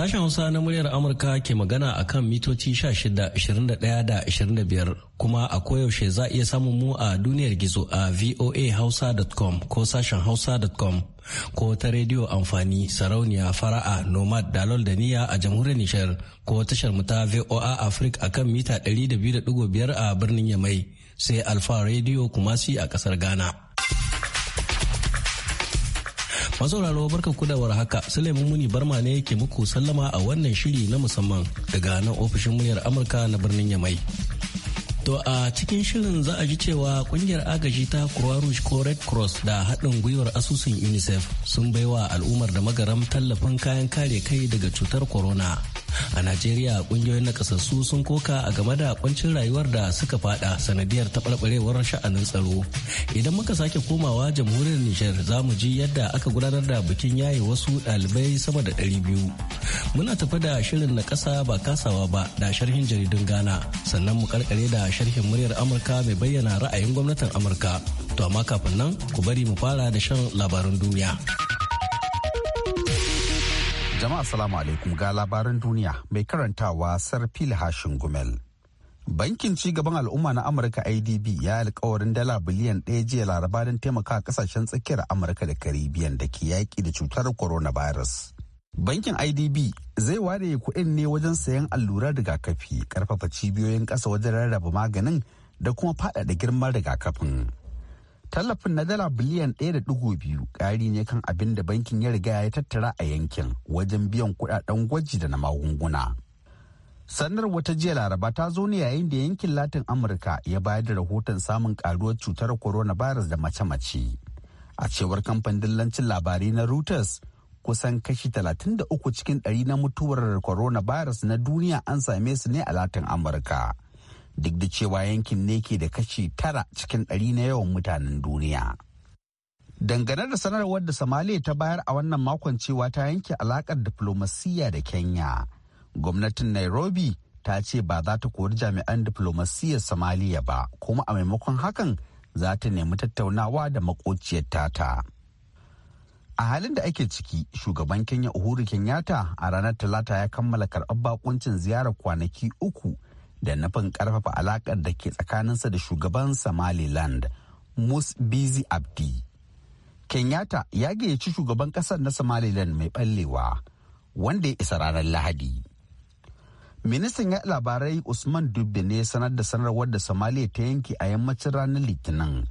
Sashen Hausa na muryar Amurka ke magana a kan mitoci 16, da 25 kuma a koyaushe za a iya samun mu a duniyar gizo a voahausa.com ko sashen hausa.com ko ta rediyo amfani sarauniya fara'a nomad dalol da niya a jamhuriyar Nishar ko tashar mu ta VOA Africa a kan mita 200.5 a birnin Yamai sai Alfa Radio Kumasi a kasar Ghana. masauraro barkan kudawar haka Suleiman Muni Barma ne yake muku sallama a wannan shiri na musamman daga nan ofishin muryar Amurka na birnin Yamai. To a cikin shirin za a ji cewa kungiyar agaji ta Croix ko Red Cross da haɗin gwiwar asusun UNICEF sun baiwa al'ummar da magaram tallafin kayan kare kai daga cutar corona. a najeriya kungiyoyin nakasassu sun koka a game da kuncin rayuwar da suka fada sanadiyar taɓarɓarewar sha'anin tsaro idan muka sake komawa jamhuriyar nijar za mu ji yadda aka gudanar da bikin yaye wasu ɗalibai sama da ɗari biyu muna tafi da shirin na ƙasa ba kasawa ba da sharhin jaridun ghana sannan mu karkare da sharhin muryar amurka mai bayyana ra'ayin gwamnatin amurka to amma kafin nan ku bari mu fara da shan labarun duniya Jama'a salamu alaikum ga labaran duniya mai karantawa Sarfil Hashin Gumel. Bankin ci gaban al'umma na Amurka IDB ya yi alkawarin dala biliyan ɗaya jiya laraba don taimaka kasashen tsakiyar Amurka da karibiyan da ke yaƙi da cutar coronavirus. Bankin IDB zai ware kuɗin ne wajen sayan allurar rigakafi, ƙarfafa cibiyoyin ƙasa wajen rarraba maganin da kuma faɗaɗa girman rigakafin. tallafin na dala biliyan 1.2 ƙari ne kan abin da bankin ya riga ya tattara a yankin wajen biyan kudaden gwaji da na magunguna Sanar wata jiya laraba ta zo ne yayin da yankin latin amurka ya bayar da rahoton samun karuwar cutar coronavirus da mace-mace a cewar kamfanin dillancin labarai na reuters kusan kashi 33 cikin 100 na mutuwar coronavirus na duniya an same su ne a latin amurka. duk da cewa yankin ne ke da kashi tara cikin ɗari na yawan mutanen duniya. Dangane da sanarwar da Somalia ta bayar a wannan makon cewa ta yanke alakar diflomasiyya da Kenya, gwamnatin Nairobi ta ce ba za ta kori jami'an diflomasiyyar Somalia ba, kuma a maimakon hakan za ta nemi tattaunawa da makociyar tata. a halin da ake ciki shugaban kenya uhuru kenyatta a ranar talata ya kammala karɓar bakuncin ziyarar kwanaki uku da nufin karfafa alakar da ke tsakaninsa da shugaban somaliland bizi abdi kenyatta ya gayyaci shugaban kasar na somaliland mai ɓallewa wanda ya isa ranar lahadi ministan ya labarai usman dubbe ne sanar da sanarwar da somaliya ta yanke a yammacin ranar litinin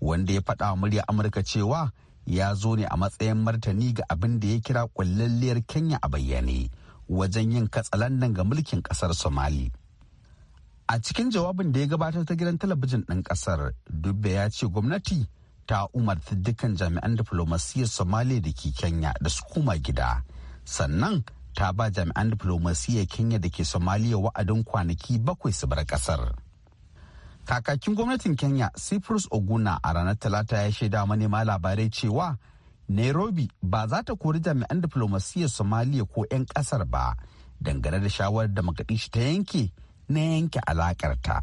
wanda ya faɗa wa murya amurka cewa ya zo ne a matsayin martani ga abin da ya kira kwallalliyar kenya a bayyane wajen yin katsalandan ga mulkin kasar somali a cikin jawabin da ya gabatar ta gidan talabijin ɗin ƙasar dubbe ya ce gwamnati ta umarta dukkan jami'an diflomasiyyar somaliya da ke kenya da su koma gida sannan ta ba jami'an diflomasiyyar kenya da ke somaliya wa'adin kwanaki bakwai su bar ƙasar kakakin gwamnatin kenya cyprus oguna a ranar talata ya shaida manema labarai cewa nairobi ba za ta kori jami'an diflomasiyyar somaliya ko 'yan ƙasar ba dangane da shawarar da shi ta yanke na yanke alakarta.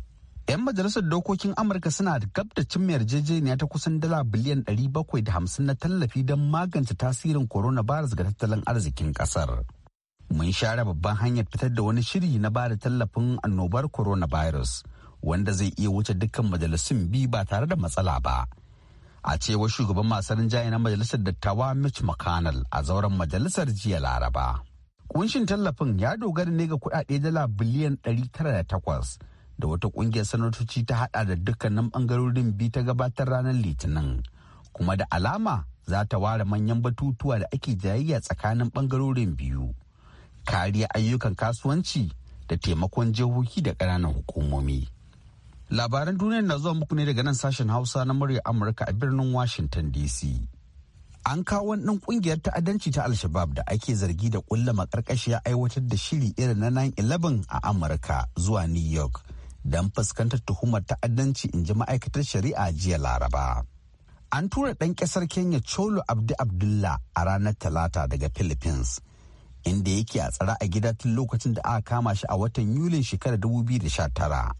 'Yan majalisar dokokin Amurka suna gab da cimma yarjejeniya ta kusan dala biliyan ɗari bakwai da hamsin na tallafi don magance tasirin coronavirus ga tattalin arzikin kasar. Mun share babban hanyar fitar da wani shiri na ba da tallafin annobar coronavirus wanda zai iya wuce dukkan majalisun bi ba tare da matsala ba. A cewar shugaban masarin rinjaye na majalisar dattawa Mitch McConnell a zauren majalisar jiya Laraba. Kunshin tallafin ya dogara ne ga kuɗaɗe dala biliyan 908 da wata ƙungiyar sanatoci ta hada da dukkanin bangarorin biyu ta gabatar ranar Litinin. Kuma da alama za ta ware manyan batutuwa da ake jayayya tsakanin ɓangarorin biyu. Kariya ayyukan kasuwanci da taimakon jihohi da ƙananan hukumomi. Labaran duniya na zuwa muku ne daga nan sashen Hausa na murya Amurka a birnin Washington DC. an kawo wannan ɗan ƙungiyar ta'addanci ta alshabab da ake zargi da ƙulla makarƙashiya aiwatar da shiri irin na 9-11 a amurka zuwa new york don fuskantar tuhumar ta'addanci in ji ma'aikatar shari'a jiya laraba an tura ɗan ƙasar kenya cholo abdi abdullah a ranar talata daga philippines inda yake a tsara a gida tun lokacin da aka kama shi a watan yulin shekarar 2019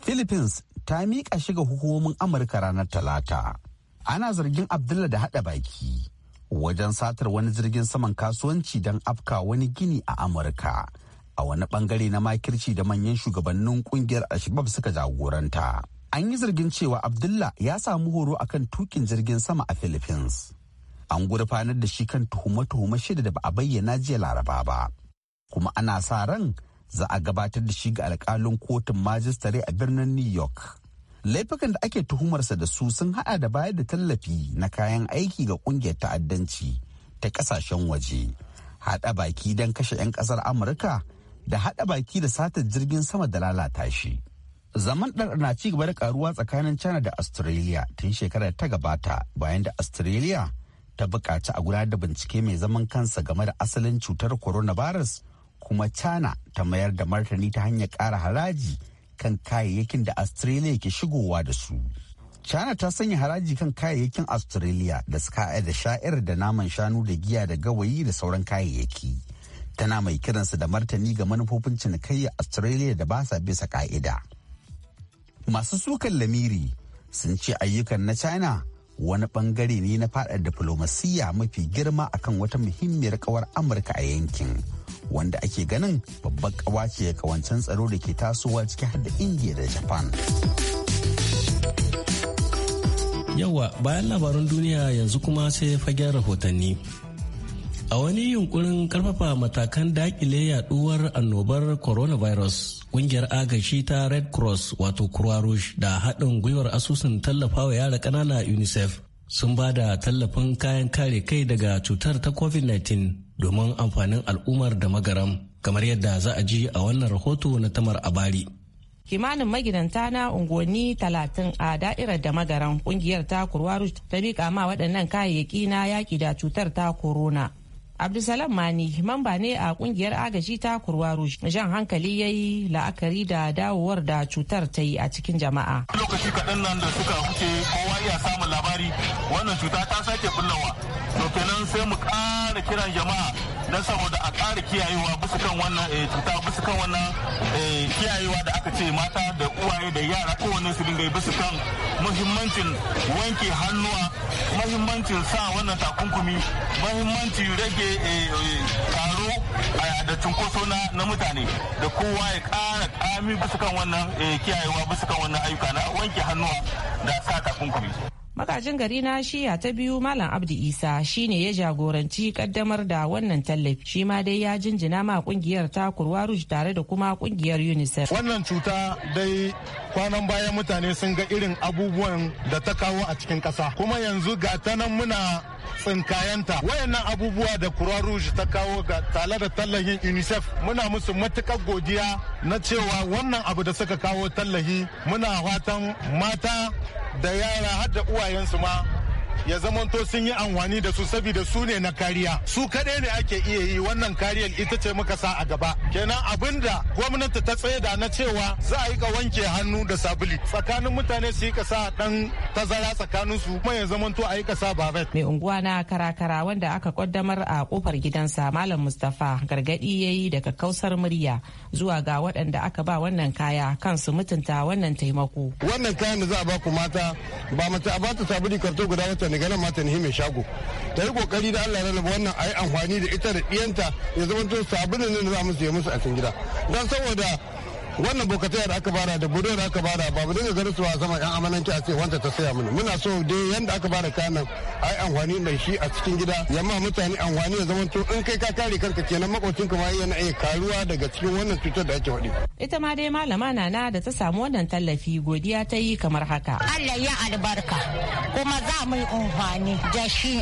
philippines ta miƙa shiga hukumomin amurka ranar talata ana zargin abdulla da haɗa baki wajen satar wani jirgin saman kasuwanci don afka wani gini a amurka a wani bangare na makirci da manyan shugabannin kungiyar alshabab suka jagoranta an yi zargin cewa Abdulla ya samu horo akan tukin jirgin sama a philippines an gurfanar da shi kan tuhume-tuhume shida da ba a bayyana jiya laraba ba kuma ana sa ran za a gabatar da shi ga alkalin kotun majistare a birnin new york laifukan da ake tuhumarsa da su sun haɗa da bayar da tallafi na kayan aiki ga kungiyar ta'addanci ta ƙasashen waje Haɗa baki don kashe 'yan ƙasar amurka da haɗa baki da satar jirgin sama da lalata shi zaman ɗar na ci gaba da karuwa tsakanin china da australia tun shekarar ta gabata bayan da australia ta buƙaci a gudanar da bincike mai zaman kansa game da asalin cutar coronavirus kuma china ta mayar da martani ta hanyar ƙara haraji kan kayayyakin da Australia ke shigowa da su. China ta sanya haraji kan kayayyakin Australia da suka da sha'ir da naman shanu da giya da gawayi da sauran kayayyaki. Tana mai kiransu da martani ga manufofin cinikayya Australia da basa bisa ka'ida. Masu sukan lamiri sun ce ayyukan na China wani bangare ne na faɗa diflomasiyya mafi girma akan wata muhimmiyar kawar Amurka a yankin. wanda ake ganin babbar kawace kawancen tsaro da ke tasowa ciki har da indiya da japan yawa bayan labaran duniya yanzu kuma sai fagen rahotanni a wani yunkurin karfafa matakan dakile yaduwar annobar coronavirus kungiyar agashi ta red cross wato croix rouge da haɗin gwiwar asusun tallafawa yara ƙanana unicef sun ba da tallafin kayan kare kai daga cutar ta covid-19 domin amfanin al'ummar da magaram kamar yadda za a ji a wannan rahoto na tamar abari kimanin magidanta na unguwanni talatin a da'irar da magaran kungiyar ta kurwaru ta miƙa ma waɗannan kayayyaki na yaƙi da cutar ta corona abdulsalam mani mamba ne a kungiyar agaji ta kurwa jan hankali ya yi la'akari da dawowar da cutar ta yi a cikin jama'a lokaci kaɗan nan da suka huce kowa ya samun labari wannan cuta ta sake bullawa to kenan sai mu ƙara kiran jama'a don saboda a ƙara kiyayewa bisa kan wannan eh, cuta bisa kan wannan eh, kiyayewa da aka ce mata da uwaye da yara kowanne su dinga bisa kan muhimmancin wanke hannuwa muhimmancin sa wannan takunkumi muhimmancin rage eh, taro da cunkoso na mutane da kowa ya ƙara kami bisa kan wannan kiyayewa bisa kan wannan ayyuka na wanke hannuwa da sa takunkumi. magajin gari na shiya ta biyu malam abdi isa shine ya jagoranci kaddamar da wannan tallafi shi ma dai ya jinjina ma kungiyar ta rouge tare da kuma kungiyar unicef wannan cuta dai kwanan bayan mutane sun ga irin abubuwan da ta kawo a cikin kasa kuma yanzu ga ta nan muna tsinkayanta wayannan abubuwa da croix rouge ta kawo ga tare da tallahin unicef muna musu matukar godiya na cewa wannan abu da suka kawo tallahi muna fatan mata da yara har uwayensu ma ya zamanto sun yi amfani da su saboda su ne na kariya su kaɗai ne ake iya yi wannan kariyar ita ce muka sa a gaba kenan abin da gwamnati ta da na cewa za a yi ka wanke hannu da sabuli tsakanin mutane su yi ka sa dan tazara tsakanin su kuma ya zamanto a yi ka sa babet. mai unguwa na karakara wanda aka kwaddamar a kofar gidansa malam mustafa gargadi ya yi daga kausar murya zuwa ga waɗanda aka ba wannan kaya kansu mutunta wannan taimako wannan kayan da za a ba ku mata ba mace a ba ta sabuli karto guda wata senegal ma ta nihi mai shago ta yi kokari da allah rarraba wannan a yi amfani da ita da ɗiyanta ya zama to sabulin da za mu siya musu a cikin gida don saboda wannan bokatai da aka bada da budo da aka bada ba mu dinga ganin su a sama yan amananci a ce wanda ta saya mana muna so dai yanda aka bada kanan nan ai amfani da shi a cikin gida yamma mutane amfani da zaman to in kai ka kare kanka kenan makocin ka ma yana iya karuwa daga cikin wannan cutar da ake faɗi ita ma dai malama nana da ta samu wannan tallafi godiya ta yi kamar haka Allah ya albarka kuma za mu yi amfani da shi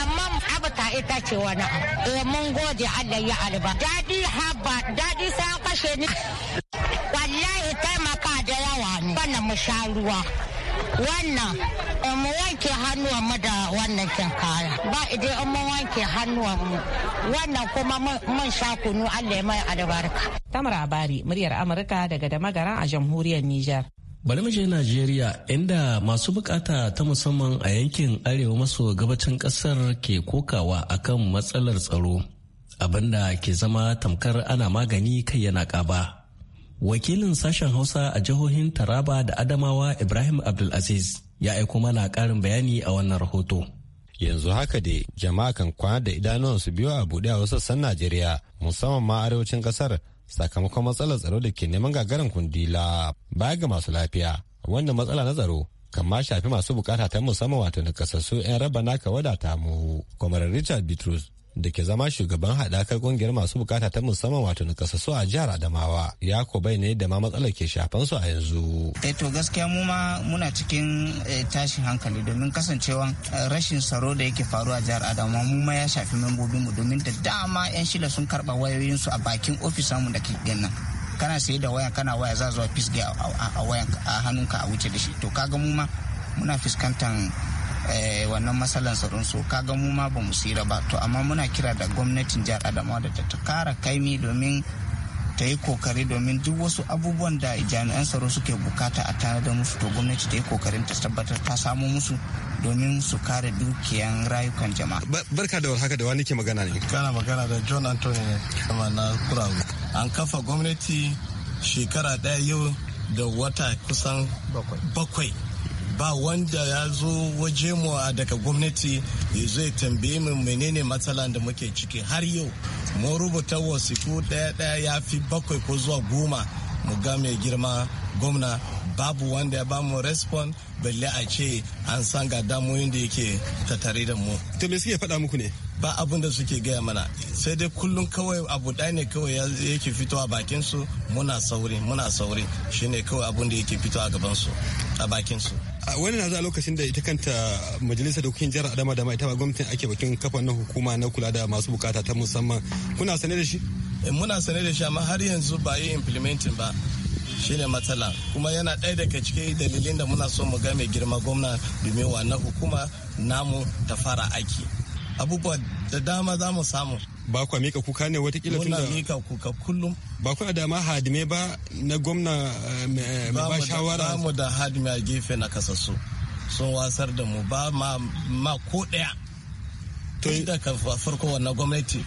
amma abu ta ita ce wani eh mun gode Allah ya albarka dadi haba dadi sai kashe ni mu sha ruwa wannan eh, mu wanke hannuwan mu da wannan kaya. ba idan an wanke hannuwan mu wannan kuma mun sha kunu Allah ya mai albarka Tamara Bari muryar Amurka daga Damagara a jamhuriyar Nijar bari mu je Najeriya inda masu bukata ta musamman a yankin arewa maso gabacin kasar ke kokawa akan matsalar tsaro abinda ke zama tamkar ana magani kai yana ƙaba. wakilin sashen hausa a jihohin taraba da adamawa ibrahim abdulaziz ya aiko mana karin bayani a wannan rahoto yanzu haka dai jama'a kan kwana da idanuwansu biyu a buɗe a wasu sassan najeriya musamman ma arewacin ƙasar sakamakon matsalar tsaro da ke neman gagarin kundila baya ga masu lafiya wanda matsala na tsaro kan ma shafi masu bukata ta musamman wato na kasassu 'yan raba naka wadata mu kwamarar richard bitrus da ke zama shugaban hadakar ƙungiyar masu bukata ta musamman wato na a jihar Adamawa ya ko bai ne da ma matsalar ke shafan su a yanzu. Eh to gaskiya mu ma muna cikin eh, tashin hankali domin kasancewa eh, rashin tsaro da yake faru a jihar Adamawa mu ma ya shafi membobin mu domin da dama 'yan shila sun karɓa su a bakin ofisan mu da ke nan. kana saye da waya kana waya za zuwa fisge a wayan a hannunka a wuce da shi to kaga mu ma muna fuskantar Eh, wannan matsalan tsaron su kaga mu ma ba mu tsira ba to amma muna kira da gwamnatin jihar adamawa da ta kara kaimi domin ta yi kokari domin duk wasu abubuwan da jami'an tsaro suke bukata a tare da musu to gwamnati ta yi kokarin ta tabbatar ta samo musu domin su kare dukiyan rayukan jama'a. Barka da warhaka da wani ke magana ne. Kana magana da John Anthony ne na Kuragu. An kafa gwamnati shekara ɗaya yau da wata kusan bakwai. ba wanda ya zo waje mu daga gwamnati ya zo ya tambaye mu menene matsalan da muke ciki har yau mun rubuta wasiku daya daya ya fi bakwai ko zuwa goma mu ga mai girma gwamna babu wanda ya ba mu respond balle a ce an san ga damoyin da yake tattare da mu. To me suke faɗa muku ne? Ba abin da suke gaya mana sai dai kullum kawai abu ɗaya ne kawai yake fitowa bakin su muna sauri muna sauri shine kawai abin da yake fitowa a gaban su a bakin su. wani na zuwa lokacin da ita kanta majalisar dokokin jihar adama da ita ba gwamnatin ake bakin kafa na hukuma na kula da masu bukata ta musamman kuna sane da shi eh, muna sane da shi amma har yanzu ba yi implementing ba shi ne matsala kuma yana ɗaya daga cikin dalilin da muna so mu ga mai girma gwamna domin na hukuma namu ta fara aiki abubuwa da dama za mu samu ba kwa mika kuka ne watakila tunda muna mika kuka kullum ba kuna da ma hadime ba na gwamna eh, mai eh, ba shawara ba mu da hadime a gefe na kasassu sun wasar da mu ba ma ma ko daya tun da farko wannan gwamnati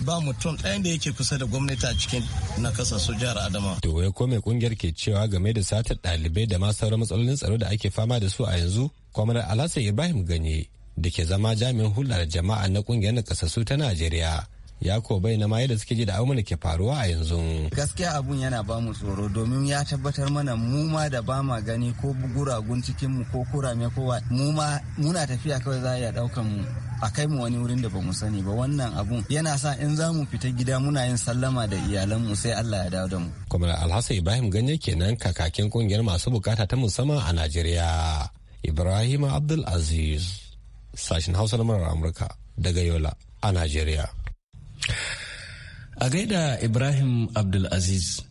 ba mutum ɗayan da yake kusa da gwamnati a cikin na kasasso jihar adama. To ya kome kungiyar ke cewa game da satar ɗalibai da ma sauran matsalolin tsaro da ake fama da su a yanzu, kwamanar Alhassan Ibrahim Ganye da ke zama jami'in hulɗar jama'a na ƙungiyar nakasassu ta najeriya ya ko bai na ma da suke ji da abin da ke faruwa a yanzu. Gaskiya abun yana ba mu tsoro domin ya tabbatar mana mu ma da ba ma gani ko guragun cikin mu ko kurame ko mu ma muna tafiya kawai za a iya daukan mu a kai mu wani wurin da ba mu sani ba wannan abun yana sa in za mu fita gida muna yin sallama da iyalanmu sai Allah ya dawo da mu. Kwamar Alhassan Ibrahim Ganye kenan kakakin kungiyar masu bukata ta musamman a Najeriya. Ibrahim Abdul Aziz. sashen hausa na murar amurka daga yola a najeriya a gaida ibrahim abdulaziz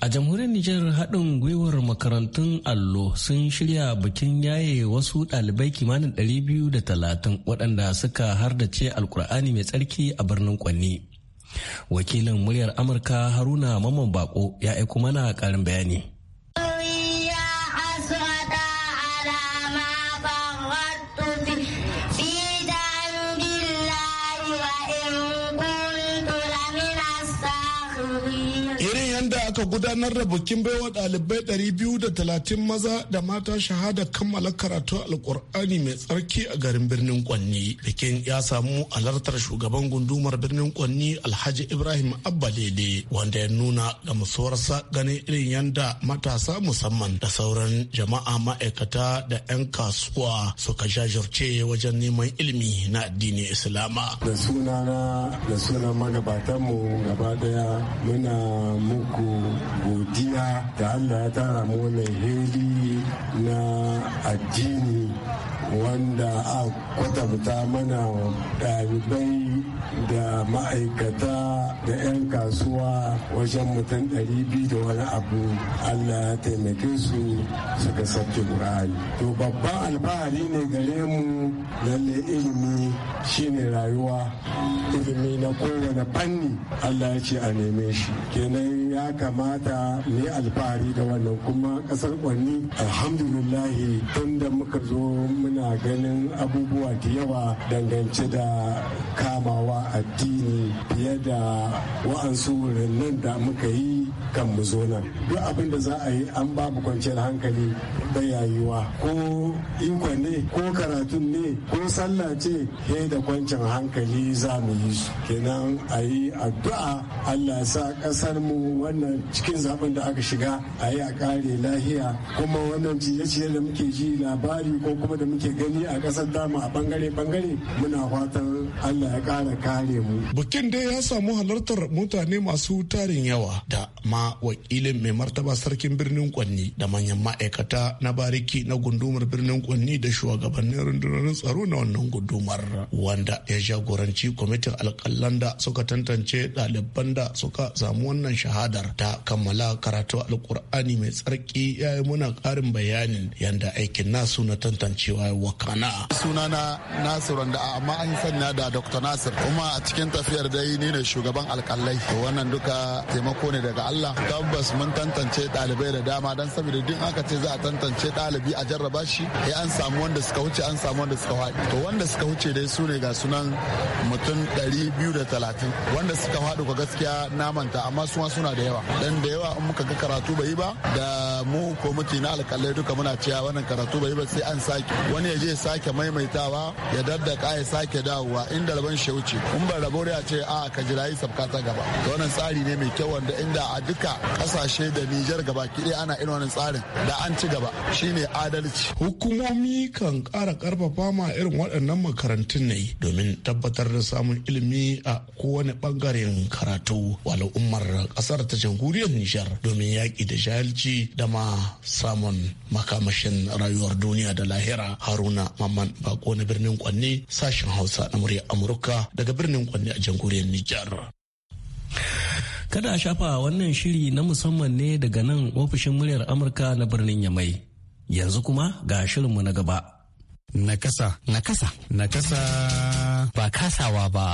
a jamhuriyar nijar haɗin gwiwar makarantun allo sun shirya bikin yaye wasu ɗalibai kimanin ɗari biyu da talatin waɗanda suka hardace alkur'ani mai tsarki a birnin kwanni wakilin muryar amurka haruna mamman bako ya aiko mana ƙarin bayani aka gudanar da bikin baiwa ɗalibai talatin maza da mata shahada kammala karatu alkur'ani mai tsarki a garin birnin Kwanni. Bikin ya samu alartar shugaban gundumar birnin Kwanni Alhaji Ibrahim Abba wanda ya nuna ga musuwarsa ganin irin yanda matasa musamman da sauran jama'a ma'aikata da 'yan kasuwa suka jajirce wajen neman ilimi na addinin Islama. Da sunana da sunan magabatanmu gaba daya muna muku godiya da allah ya tara mu wannan heli na addini wanda a kwatanta mana ɗalibai da ma'aikata da 'yan kasuwa wajen mutum 200 da wani abu allah ya taimake su suka sabke ƙur'ani to babban alfahari ne gare mu lalle ilimi shine rayuwa ilimi na kowane fanni allah ya ce a neme shi kenan ya kamata ne alfahari da wannan kuma kasar kwanni alhamdulillah tun da muka zo muna ganin abubuwa da yawa dangance da kama karfafawa addini fiye da wa'ansu wurannin da muka yi kan mu zo nan duk abin da za a yi an babu kwanciyar hankali yayuwa ko ikon ne ko karatun ne ko sallah ce he da kwancin hankali za mu yi su kenan a yi addu'a allah sa kasar mu wannan cikin zaben da aka shiga a yi a kare lahiya kuma wannan ciye-ciye da muke ji labari ko kuma da muke gani a kasar dama a bangare-bangare muna fatan allah ya kare ƙara kare mu. Bukin dai ya samu halartar mutane masu tarin yawa da ma wakilin mai martaba sarkin birnin Kwanni da manyan ma'aikata na bariki na gundumar birnin Kwanni da shugabannin rundunar tsaro na wannan gundumar wanda ya jagoranci kwamitin alkalan da suka tantance ɗaliban da suka samu wannan shahadar ta kammala karatu alƙur'ani mai tsarki ya yi muna ƙarin bayanin yanda aikin nasu na tantancewa ya wakana. Sunana Nasiru da amma an sanya da Dr. Nasir Nasir kuma a cikin tafiyar dai ni ne shugaban alkalai wannan duka taimako ne daga Allah tabbas mun tantance ɗalibai da dama dan saboda duk aka ce za a tantance ɗalibi a jarraba shi sai an samu wanda suka wuce an samu wanda suka haɗu to wanda suka wuce dai su ne ga sunan mutum 230 wanda suka haɗu ga gaskiya na manta amma su suna da yawa dan da yawa in muka ga karatu bai yi ba da mu kwamiti na alkalai duka muna cewa wannan karatu bai yi ba sai an sake wani ya je sake maimaitawa ya daddaka ya sake dawowa inda rabon shi wuce wuce in ba rabo a ce a ka jira yi sabka ta gaba to wannan tsari ne mai kyau wanda inda a duka kasashe da Nijar gaba kiɗe ana irin wannan tsarin da an ci gaba shine adalci hukumomi kan ƙara karfafa ma irin waɗannan makarantun ne domin tabbatar da samun ilimi a kowane ɓangaren karatu walau ummar ƙasar ta jamhuriyar Nijar domin yaƙi da jahilci da ma samun makamashin rayuwar duniya da lahira haruna mamman bako na birnin kwanne sashen hausa na murya amurka daga birnin Kwanne a jamhuriyar Nijar. Kada a shafa wannan shiri na musamman ne daga nan ofishin muryar Amurka na birnin Yamai. Yanzu kuma ga shirinmu na gaba. Nakasa. Nakasa. Nakasa. Ba kasawa ba.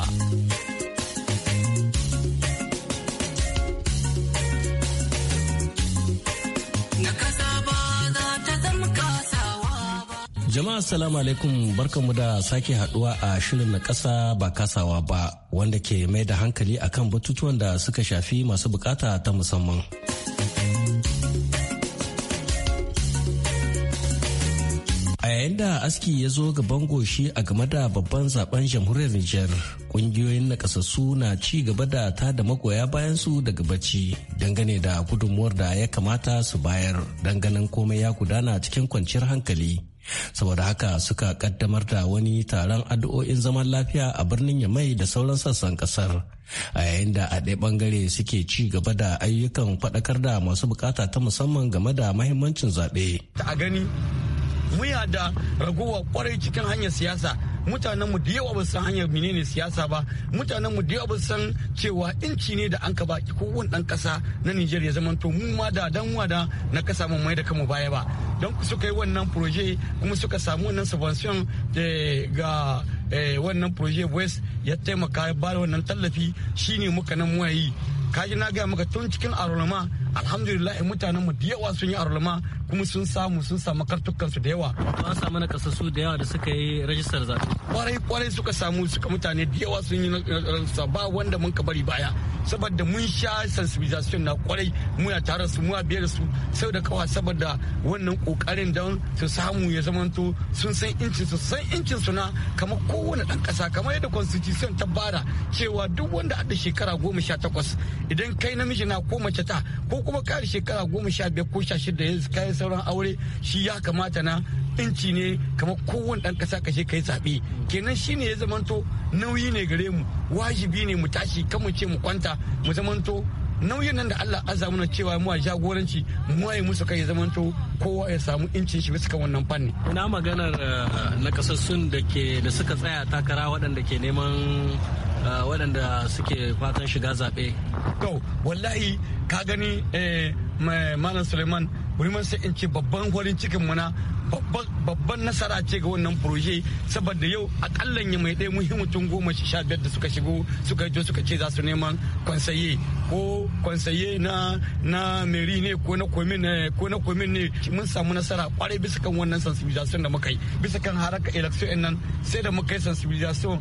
Jama'a salamu alaikum barkanmu da sake haduwa a shirin na kasa ba kasawa ba wanda ke mai da hankali akan batutuwan da suka shafi masu bukata ta musamman. A yayin da aski ya zo ga gaban goshi a game da babban zaben jamhuriyar Niger kungiyoyin nakasassu na ci gaba da ta da magoya bayansu daga bacci dangane da gudunmuwar da ya kamata su bayar dangane komai ya gudana cikin kwanciyar hankali. saboda haka suka kaddamar da wani taron addu'o'in zaman lafiya a birnin yamai da sauran sassan kasar a yayin da a ɗaya ɓangare suke ci gaba da ayyukan faɗakar da masu bukata ta musamman game da mahimmancin zaɓe. a gani muna da ragowa kwarai cikin hanyar siyasa mutanen mu da yawa ba san hanyar menene siyasa ba mutanen mu da yawa ba san cewa inci ne da an ka baki kowane dan kasa na Niger ya zama to mu ma da dan wada na kasa mun mai da kanmu baya ba don suka yi wannan proje kuma suka samu wannan subvention eh, ga eh, wannan proje west ya taimaka ya ba wannan tallafi shine muka nan muwayi kaji na gaya maka tun cikin arulama alhamdulillah mutanen mu da yawa sun yi arulma kuma sun samu sun samu kartukan su da yawa an samu na kasassu da yawa da suka yi rajistar zaɓe kwarai kwarai suka samu suka mutane da yawa sun yi rajista ba wanda mun ka bari baya saboda mun sha sensibilization na kwarai muna tare su muna biyar su sau da kawa saboda wannan kokarin don su samu ya zamanto sun san incin su san incin su na kamar kowane dan kasa kamar yadda constitution ta bada cewa duk wanda a da shekara goma sha takwas idan kai namiji na ko mace ta ko kuma kare shekara goma sha biyar ko sha shida ya kayan sauran aure shi ya kamata na inci ne kamar kowane ɗan ƙasa kashe kai zaɓe kenan shine ya zamanto nauyi ne gare mu wajibi ne mu tashi kan mu ce mu kwanta mu zamanto nauyin nan da Allah azza mana cewa mu jagoranci mu waye musu kai zamanto kowa ya samu incin shi bisa wannan fanni. Ina maganar eh, nakasassun da ke da suka tsaya takara waɗanda ke neman waɗanda suke fatan shiga zaɓe. To, wallahi ka gani eh, Malam Suleiman mun sai in ce babban farin cikin muna babban nasara ce ga wannan proje saboda yau akalla ya mai ɗaya mutum goma sha biyar da suka shigo suka jo suka ce za su neman kwansaye ko kwansaye na na meri ne ko na komin ne eh, ko na komin ne mun samu nasara kwarai bisa kan wannan sensibilisation da muka yi bisa kan haraka election din nan sai da muka yi sensibilisation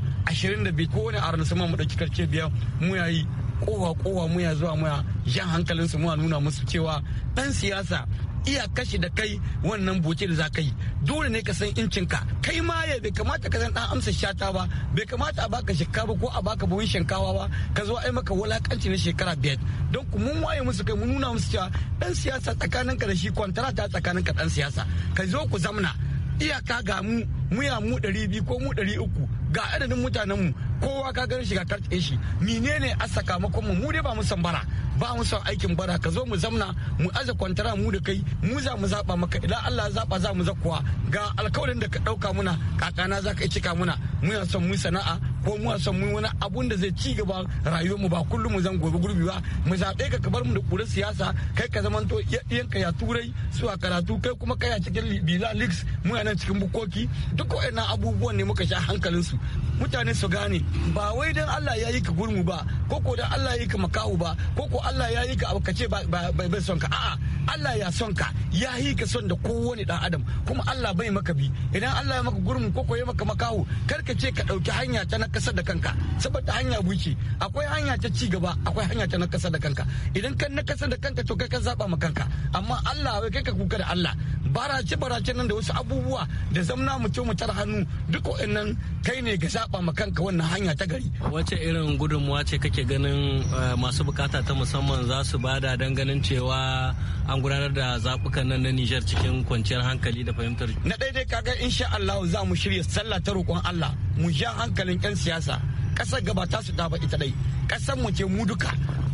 biyu. ko wani a sama mu dauki karce biyar mu yayi kowa kowa mu ya zuwa mu jan hankalinsu su mu nuna musu cewa dan siyasa iya kashe da kai wannan boce da za ka yi dole ne ka san incin ka kai ma ya bai kamata ka zan dan amsa shata ba bai kamata a baka shikka ba ko a baka buhun shinkawa ba ka zo ai maka wulakanci na shekara biyar don ku mun waye musu kai mun nuna musu cewa dan siyasa tsakanin ka da shi kwantara ta ka dan siyasa ka zo ku zamna iyaka ga mu muya mu 200 ko mu 300 ga adadin mutanen mu. kowa ka gani shiga ga shi menene a sakamakon mu mu dai ba mu san bara ba mu san aikin bara ka zo mu zamna mu aza kwantara mu da kai mu za mu zaba maka idan Allah zaba za mu zakuwa ga alkawarin da ka dauka muna kakana za ka cika muna ya san mu sana'a ko ya san mu wani abun da zai ci gaba rayuwar mu ba kullum mu zan gobe gurbi ba mu zabe ka bar mu da kura siyasa kai ka zamanto yan ka ya turai suwa karatu kai kuma kai ya cikin bila leaks muna nan cikin bukoki duk waɗannan abubuwan ne muka sha hankalin su mutane su gane ba wai dan Allah ya yi ka gurmu ba ko ko dan Allah ya yi ka makawu ba ko ko Allah ya yi ka abu kace ba bai son ka a'a Allah ya son ka ya yi ka son da kowane dan adam kuma Allah bai maka bi idan Allah ya maka gurmu ko ko ya maka makawu kar ka ce ka dauki hanya ta na kasar da kanka saboda hanya buci akwai hanya ta ci gaba akwai hanya ta na kasar da kanka idan kan na kasar da kanka to kai kan zaba ma kanka amma Allah wai kai ka kuka da Allah barace barace nan da wasu abubuwa da zamna mu ce mu tar hannu duk wa'annan kai ne ga saba ma kanka wannan hanya ta gari wace irin gudunmuwa ce kake ganin eh, masu bukata ta musamman za su bada don ganin cewa an gudanar da zabukan nan na Nijar cikin kwanciyar hankali da fahimtar na daidai kaga insha Allah za mu shirya sallah ta roƙon Allah mu ja hankalin 'yan siyasa kasar gaba ta su ta ba ita dai kasar mu ce mu duka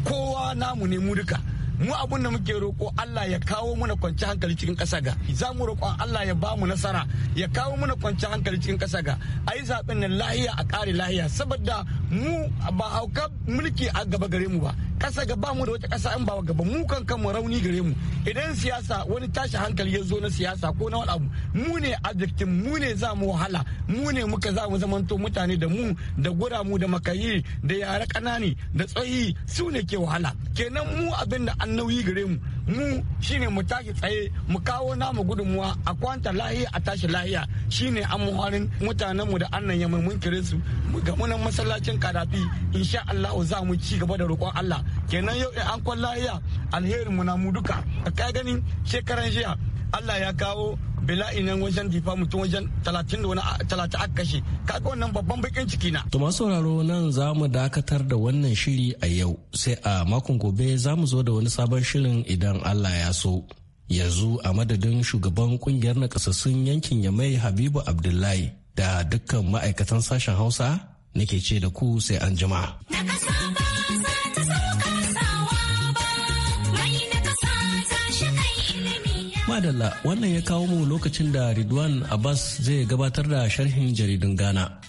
kowa namu ne mu duka mu abun da muke roƙo Allah ya kawo muna kwanci hankali cikin ƙasa ga za mu roƙon Allah ya ba mu nasara ya kawo muna kwanci hankali cikin ƙasa ga a yi zaɓen nan lahiya a ƙare lahiya saboda mu ba hauka mulki a gaba gare mu ba kasa ga bamu da wata kasa in ba gaba mu kan kanmu rauni gare mu idan siyasa wani tashi hankali ya zo na siyasa ko na wani abu mu ne adiktin mu ne za mu wahala mu ne muka za mu zamanto mutane da mu da guramu da makayi da yare kanani da tsayi su ne ke wahala kenan mu abin da an nauyi gare mu mu shine mu tashi tsaye mu kawo namu gudunmuwa a kwanta lahiya a tashi lahiya shine amfanin mutanen mu da annan ya mun kire su ga munan masallacin karafi insha Allah za mu ci gaba da roƙon Allah kenan yau in an kwan lahiya alherin mu na mu duka ka gani shekaran jiya Allah ya kawo bila'i nan wajen difa mutum wajen talatin da wani talatin aka kashe kaga wannan babban bakin ciki na. to masu sauraro nan za mu dakatar da wannan shiri a yau sai a makon gobe za mu zo da wani sabon shirin idan allah ya so. yanzu a madadin shugaban kungiyar nakasassun yankin yamai habibu abdullahi da dukkan ma'aikatan sashen hausa nake ce da ku sai an jima. Madalla wannan ya kawo mu lokacin da Ridwan Abbas zai gabatar da sharhin jaridun Ghana.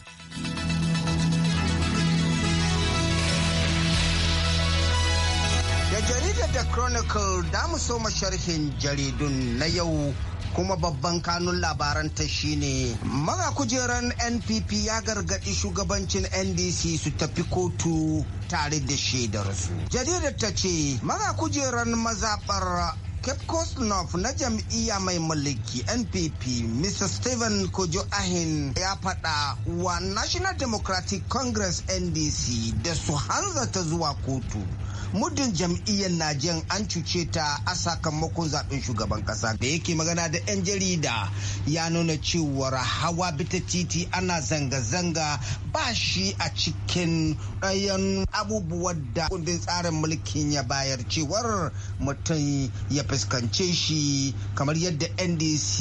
Da jaridar da Chronicle damu soma sharhin jaridun na yau kuma babban kanun labaranta shine maga kujeran npp ya gargadi shugabancin ndc su tafi kotu tare da shaidarsu jaridar ta ce maga kujeran mazaɓar cape coast north na jam'iyya mai mulki npp mr stephen kojo ahin ya faɗa wa national democratic congress ndc da su hanzarta zuwa kotu muddin jam'iyyar najen an cuce ta a sakamakon zaben shugaban kasa da yake magana da 'yan jarida ya nuna cewar hawa bita titi ana zanga-zanga ba shi a cikin ɗayan abubuwan da kundin tsarin mulkin ya bayar cewar mutum ya fuskance shi kamar yadda ndc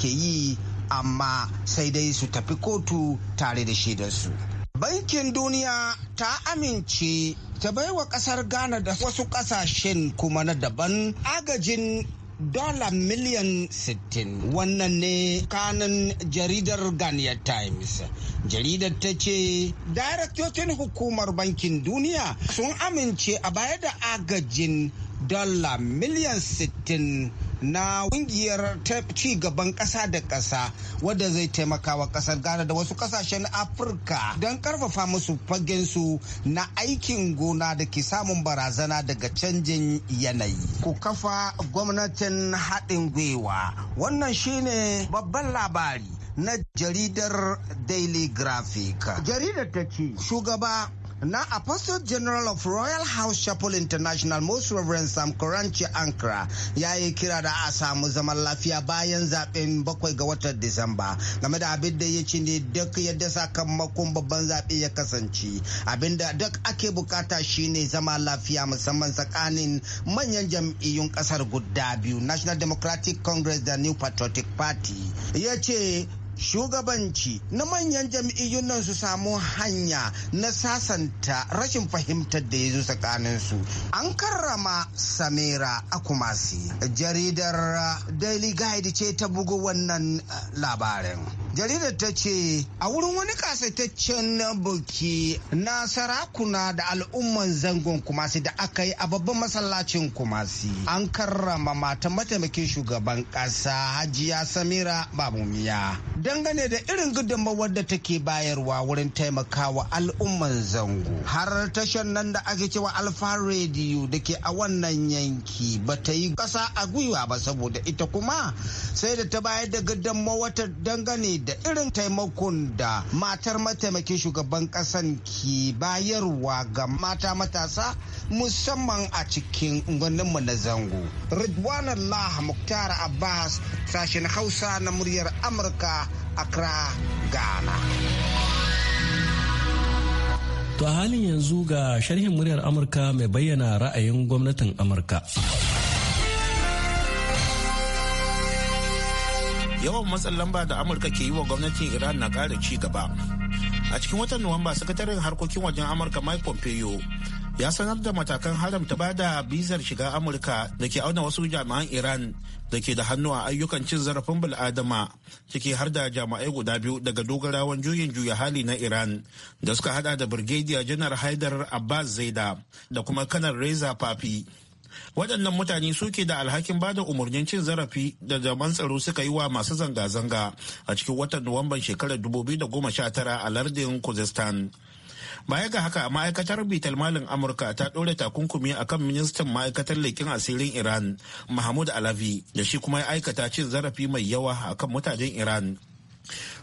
ke yi amma sai dai su tafi kotu tare da shaidarsu. bankin duniya ta amince ta bai wa kasar ghana da wasu kasashen kuma na daban agajin dola miliyan 60 wannan ne kanin jaridar Ghanaian Times. Jaridar ta ce, Daraktocin hukumar bankin duniya sun amince a baya da agajin dola miliyan 60 na kungiyar ci gaban ƙasa da ƙasa wadda zai taimaka wa ƙasar Ghana da wasu ƙasashen Afirka don ƙarfafa musu fagensu na aikin gona da ke samun barazana daga canjin yanayi. Ku kafa gwamnatin haɗin gwiwa. Wannan shine babban labari na jaridar Daily Graphic. Jaridar ta ce, Shugaba na apostle general of royal house chapel international most reverend sam karanci ankara ya yi kira da a samu zaman lafiya bayan zaben bakwai ga watan disamba game da abin da ya ci ne duk yadda sakamakon babban zaɓe ya kasance abin da duk ake bukata shine zama lafiya musamman tsakanin manyan jam'iyyun kasar guda biyu national democratic congress da new patriotic party ya ce shugabanci na manyan jam'iyyun nan su samu hanya na sasanta rashin fahimtar da ya zo tsakaninsu an karrama samira akumasi jaridar daily guide ce ta bugu wannan eh, labarin jaridar ta ce a wurin wani na buki na sarakuna da al'umman zangon kumasi da aka yi a babban masallacin kumasi an karrama matan mataimakin shugaban kasa hajiya samira babumiya dangane da irin gudunmawar da take bayarwa wurin taimakawa al'umman zango har tashar nan da ake cewa alfa Rediyo da ke a wannan yanki ba ta yi kasa a gwiwa ba saboda ita kuma sai da ta bayar da gudunmawar dangane da irin taimakon da matar mataimakin shugaban kasan ke bayarwa ga mata matasa musamman a cikin gwaninmu na zango. Ridwan Allah Muktar Abbas sashen Hausa na muryar Amurka Accra, Ghana. To a halin yanzu ga sharhin muryar Amurka mai bayyana ra'ayin gwamnatin Amurka. yawan matsin lamba da amurka ke yi wa gwamnatin iran na kara ci gaba a cikin watan nuwamba sakataren harkokin wajen amurka mike pompeo ya sanar da matakan haramta ba da bizar shiga amurka da ke auna wasu jami'an iran da ke da hannu a ayyukan cin zarafin bil'adama ciki har da jami'ai guda biyu daga dogarawan juyin juya hali na iran da suka hada da birgediya janar haidar abbas zaida da kuma kanar reza papi waɗannan mutane suke da alhakin bada umarnin cin zarafi da zaman tsaro suka yi wa masu zanga-zanga a cikin watan nuwamban shekarar 2019 a lardin kuzestan baya ga haka ma'aikatar bital malin amurka ta ɗora takunkumi akan ministan ma'aikatar leƙin asirin iran mahmud alavi da shi kuma ya aikata cin zarafi mai yawa akan mutanen iran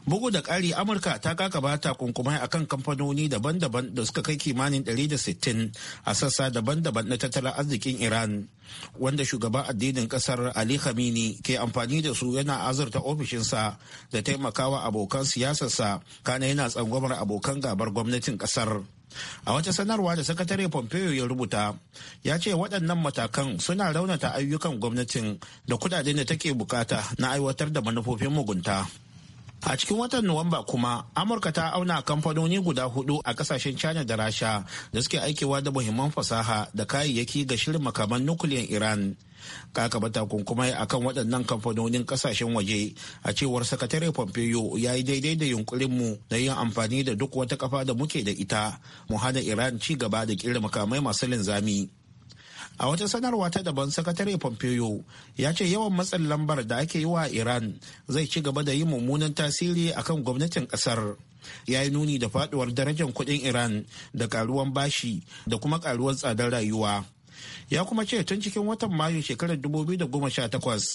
Bugu da ƙari Amurka ta kakaba takunkumai a kan kamfanoni daban-daban da suka kai kimanin 160 a sassa daban-daban na tattalin arzikin Iran, wanda shugaban addinin ƙasar Ali Khamenei ke amfani da su yana azurta ofishinsa da taimakawa abokan siyasarsa kana yana tsangwamar abokan gabar gwamnatin ƙasar. A wata sanarwa da sakatare Pompeo ya rubuta, ya ce waɗannan matakan suna raunata ayyukan gwamnatin da kudaden da take bukata na aiwatar da manufofin mugunta. A cikin watan Nuwamba kuma, Amurka ta auna kamfanoni guda hudu a kasashen China da Rasha da suke aikewa da muhimman fasaha da kayayyaki ga shirin makaman nukuliyan Iran. ba takunkumai a kan waɗannan kamfanonin kasashen waje a cewar sakatare Pompeo ya yi daidai da yunkurinmu na yin amfani da duk wata kafa da muke da ita mu hana Iran ci gaba da ƙira makamai masu linzami. a wata sanarwa ta daban sakatare pompeo ya ce yawan matsin lambar da ake yi wa iran zai ci gaba da yi mummunan tasiri akan gwamnatin kasar ya yi nuni da faduwar darajar kuɗin iran da karuwan bashi da kuma karuwar tsadar rayuwa ya kuma ce tun cikin watan mayu shekarar 2018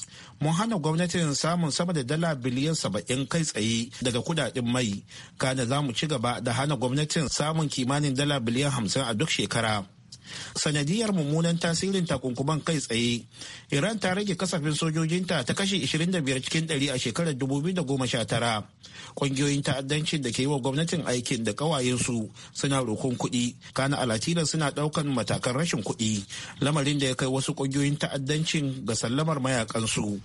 mun hana gwamnatin samun sama da dala biliyan saba'in kai tsaye daga kudaden mai kana za mu ci gaba da hana gwamnatin samun kimanin dala biliyan hamsin a duk shekara sanadiyar mummunan tasirin takunkuman kai tsaye iran ta rage kasafin sojojinta ta kashe 25 cikin 100 a shekarar 2019 ƙungiyoyin ta'addancin da ke yi wa gwamnatin aikin da ƙawayensu suna rokon kuɗi kana alatira suna ɗaukan matakan rashin kuɗi lamarin da ya kai wasu ƙungiyoyin ta'addancin ga sallamar mayakansu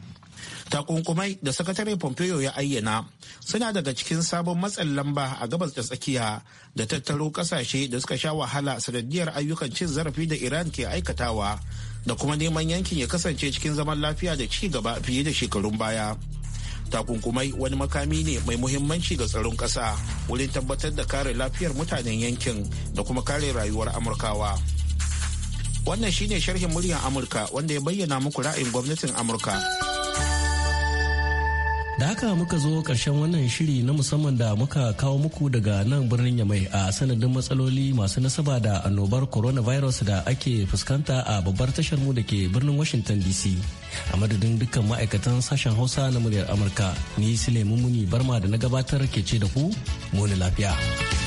takunkumai da sakatare pompeo ya ayyana suna daga cikin sabon matsin lamba a gabas da tsakiya da tattaro kasashe da suka sha wahala sanadiyar ayyukan cin zarafi da iran ke aikatawa da kuma neman yankin ya kasance cikin zaman lafiya da ci gaba fiye da shekarun baya takunkumai wani makami ne mai muhimmanci ga tsaron kasa wurin tabbatar da kare lafiyar mutanen yankin da kuma kare rayuwar amurkawa wannan shine sharhin muryar amurka wanda ya bayyana muku ra'ayin gwamnatin amurka. da haka muka zo ƙarshen wannan shiri na musamman da muka kawo muku daga nan birnin yamai a sanadin matsaloli masu nasaba da annobar coronavirus da ake fuskanta a babbar tashar mu da ke birnin washington dc a madadin dukkan ma'aikatan sashen hausa na muryar amurka ni sule mummuni barma da na gabatar ke ce da ku muni lafiya.